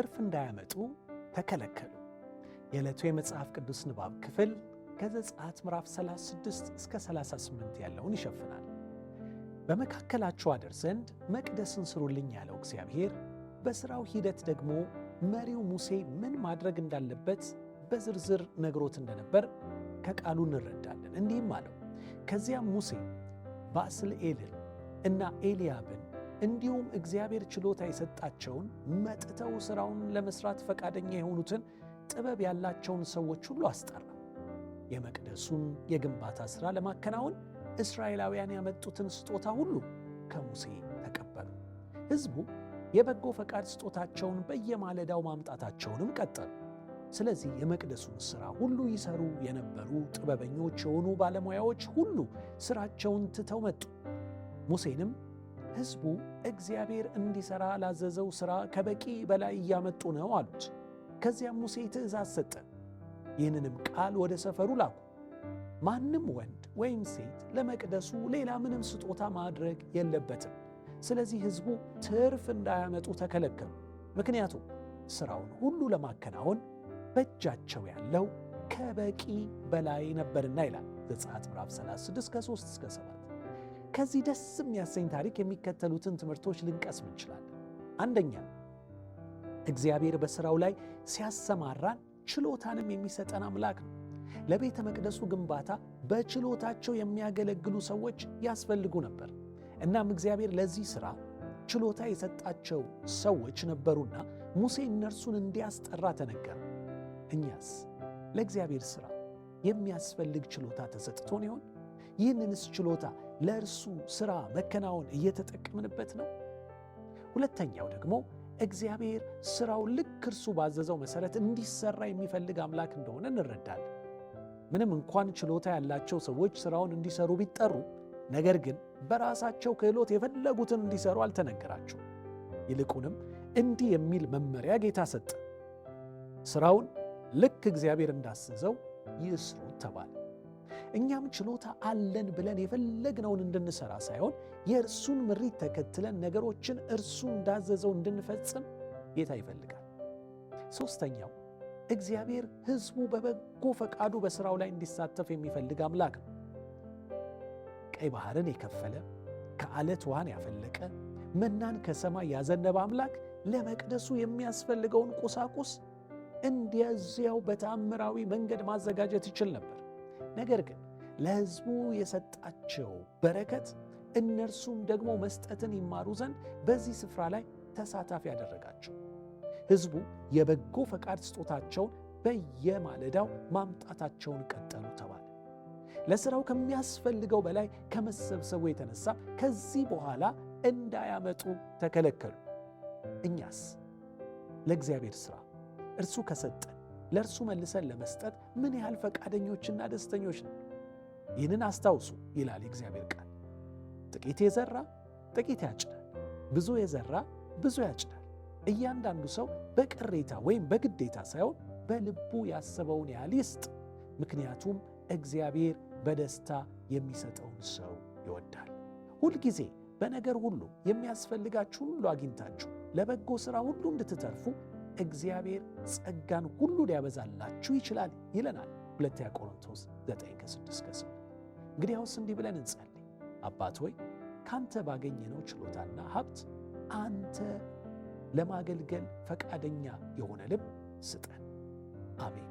ትርፍ እንዳያመጡ ተከለከሉ። የዕለቱ የመጽሐፍ ቅዱስ ንባብ ክፍል ከዘጸአት ምዕራፍ 36 እስከ 38 ያለውን ይሸፍናል። በመካከላችሁ አድር ዘንድ መቅደስን ስሩልኝ ያለው እግዚአብሔር በሥራው ሂደት ደግሞ መሪው ሙሴ ምን ማድረግ እንዳለበት በዝርዝር ነግሮት እንደነበር ከቃሉ እንረዳለን። እንዲህም አለው። ከዚያም ሙሴ ባስልኤልን እና ኤልያብን እንዲሁም እግዚአብሔር ችሎታ የሰጣቸውን መጥተው ሥራውን ለመሥራት ፈቃደኛ የሆኑትን ጥበብ ያላቸውን ሰዎች ሁሉ አስጠራ። የመቅደሱን የግንባታ ሥራ ለማከናወን እስራኤላውያን ያመጡትን ስጦታ ሁሉ ከሙሴ ተቀበሉ። ሕዝቡ የበጎ ፈቃድ ስጦታቸውን በየማለዳው ማምጣታቸውንም ቀጠሉ። ስለዚህ የመቅደሱን ሥራ ሁሉ ይሰሩ የነበሩ ጥበበኞች የሆኑ ባለሙያዎች ሁሉ ሥራቸውን ትተው መጡ። ሙሴንም ሕዝቡ እግዚአብሔር እንዲሠራ ላዘዘው ሥራ ከበቂ በላይ እያመጡ ነው አሉት። ከዚያም ሙሴ ትእዛዝ ሰጠ። ይህንንም ቃል ወደ ሰፈሩ ላኩ። ማንም ወንድ ወይም ሴት ለመቅደሱ ሌላ ምንም ስጦታ ማድረግ የለበትም። ስለዚህ ሕዝቡ ትርፍ እንዳያመጡ ተከለከሉ። ምክንያቱም ሥራውን ሁሉ ለማከናወን በእጃቸው ያለው ከበቂ በላይ ነበርና ይላል ዘጸአት ምዕራፍ 36 ከ3 እስከ 7 ከዚህ ደስ የሚያሰኝ ታሪክ የሚከተሉትን ትምህርቶች ልንቀስም እንችላለን። አንደኛ እግዚአብሔር በሥራው ላይ ሲያሰማራን ችሎታንም የሚሰጠን አምላክ ነው። ለቤተ መቅደሱ ግንባታ በችሎታቸው የሚያገለግሉ ሰዎች ያስፈልጉ ነበር። እናም እግዚአብሔር ለዚህ ሥራ ችሎታ የሰጣቸው ሰዎች ነበሩና ሙሴ እነርሱን እንዲያስጠራ ተነገረ። እኛስ ለእግዚአብሔር ሥራ የሚያስፈልግ ችሎታ ተሰጥቶን ይሆን? ይህንንስ ችሎታ ለእርሱ ሥራ መከናወን እየተጠቀምንበት ነው። ሁለተኛው ደግሞ እግዚአብሔር ሥራው ልክ እርሱ ባዘዘው መሠረት እንዲሠራ የሚፈልግ አምላክ እንደሆነ እንረዳለን። ምንም እንኳን ችሎታ ያላቸው ሰዎች ሥራውን እንዲሠሩ ቢጠሩ፣ ነገር ግን በራሳቸው ክህሎት የፈለጉትን እንዲሠሩ አልተነገራቸውም። ይልቁንም እንዲህ የሚል መመሪያ ጌታ ሰጠ፣ ሥራውን ልክ እግዚአብሔር እንዳዘዘው ይስሩ ተባለ። እኛም ችሎታ አለን ብለን የፈለግነውን እንድንሰራ ሳይሆን የእርሱን ምሪት ተከትለን ነገሮችን እርሱ እንዳዘዘው እንድንፈጽም ጌታ ይፈልጋል። ሦስተኛው እግዚአብሔር ሕዝቡ በበጎ ፈቃዱ በሥራው ላይ እንዲሳተፍ የሚፈልግ አምላክ ነው። ቀይ ባሕርን የከፈለ ከዓለት ውሃን ያፈለቀ መናን ከሰማይ ያዘነበ አምላክ ለመቅደሱ የሚያስፈልገውን ቁሳቁስ እንደዚያው በተአምራዊ መንገድ ማዘጋጀት ይችል ነበር። ነገር ግን ለሕዝቡ የሰጣቸው በረከት እነርሱም ደግሞ መስጠትን ይማሩ ዘንድ በዚህ ስፍራ ላይ ተሳታፊ ያደረጋቸው። ሕዝቡ የበጎ ፈቃድ ስጦታቸውን በየማለዳው ማምጣታቸውን ቀጠሉ ተባለ። ለሥራው ከሚያስፈልገው በላይ ከመሰብሰቡ የተነሳ ከዚህ በኋላ እንዳያመጡ ተከለከሉ። እኛስ ለእግዚአብሔር ሥራ እርሱ ከሰጠን ለእርሱ መልሰን ለመስጠት ምን ያህል ፈቃደኞችና ደስተኞች ነው? ይህንን አስታውሱ ይላል የእግዚአብሔር ቃል። ጥቂት የዘራ ጥቂት ያጭዳል፣ ብዙ የዘራ ብዙ ያጭዳል። እያንዳንዱ ሰው በቅሬታ ወይም በግዴታ ሳይሆን በልቡ ያሰበውን ያህል ይስጥ፣ ምክንያቱም እግዚአብሔር በደስታ የሚሰጠውን ሰው ይወዳል። ሁልጊዜ በነገር ሁሉ የሚያስፈልጋችሁን ሁሉ አግኝታችሁ ለበጎ ሥራ ሁሉ እንድትተርፉ እግዚአብሔር ጸጋን ሁሉ ሊያበዛላችሁ ይችላል ይለናል። ሁለተኛ ቆሮንቶስ 9 ከ6 ከ8። እንግዲያውስ እንዲህ ብለን እንጸልይ። አባት ሆይ ካንተ ባገኘነው ችሎታና ሀብት አንተ ለማገልገል ፈቃደኛ የሆነ ልብ ስጠን። አሜን።